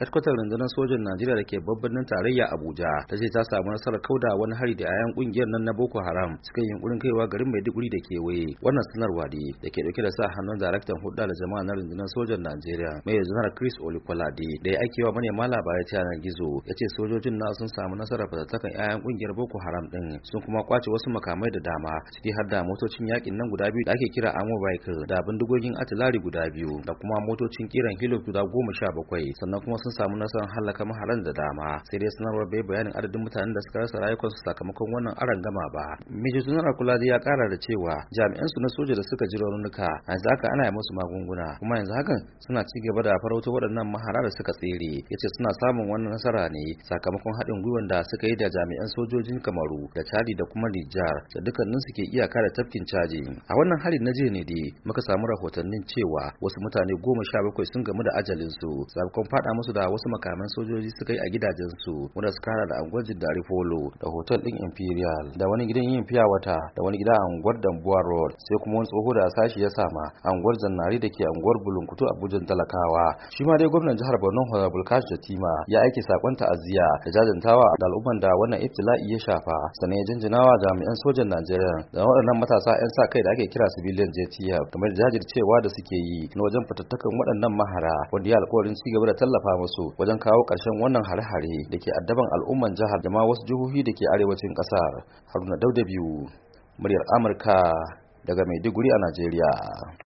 hedkwatar rundunar sojan najeriya da ke babban tarayya abuja ta ce ta samu nasarar kauda wani hari da yayan kungiyar nan na boko haram suka yi yunkurin kaiwa garin maiduguri da kewaye wannan sanarwa ne da ke dauke da sa hannun daraktan hudda da jama'a na rundunar sojan najeriya mai janar chris olikolade da ya aikewa manema labarai ta yanar gizo ya ce sojojin na sun samu nasarar fatattakan yayan kungiyar boko haram din sun kuma kwace wasu makamai da dama ciki har da motocin yakin nan guda biyu da ake kira amo bike da bindigogin atilari guda biyu da kuma motocin kiran hilo guda goma sha bakwai sannan kuma sun samu nasarar halaka maharan da dama sai dai sanarwar bai bayanin adadin mutanen da suka rasa rayukansu sakamakon wannan aron gama ba major kula da ya kara da cewa jami'an su na soja da suka ji raunuka yanzu haka ana yi musu magunguna kuma yanzu hakan suna ci gaba da farauta waɗannan mahara da suka tsere yace suna samun wannan nasara ne sakamakon haɗin gwiwan da suka yi da jami'an sojojin kamaru da chadi da kuma nijar da dukkanin su ke iyaka da tafkin caji a wannan hali na jiya ne dai muka samu rahotannin cewa wasu mutane goma sha bakwai sun gamu da ajalinsu sakamakon faɗa musu da wasu makaman sojoji suka yi a gidajensu wanda suka hada da anguwar jiddari polo da hotel din imperial da wani gidan yin fiya wata da wani gida a anguwar dambuwa road sai kuma wani tsoho da sashi ya sama anguwar zannari da ke anguwar bulunkutu abuja talakawa shi ma dai gwamnan jihar borno honorable da jatima ya aiki sakon ta'aziyya da jajantawa da al'umman da wannan ibtila'i ya shafa sannan ya jinjinawa jami'an sojan najeriya da waɗannan matasa 'yan sa kai da ake kira civilian jtf kamar jajircewa da suke yi na wajen fitattakan waɗannan mahara wanda ya alkawarin ci gaba da tallafa su wajen kawo ƙarshen wannan hare-hare da ke addaban al'umman jihar da ma wasu jihohi da ke arewacin ƙasar haruna dauda biyu muryar amurka daga maiduguri a najeriya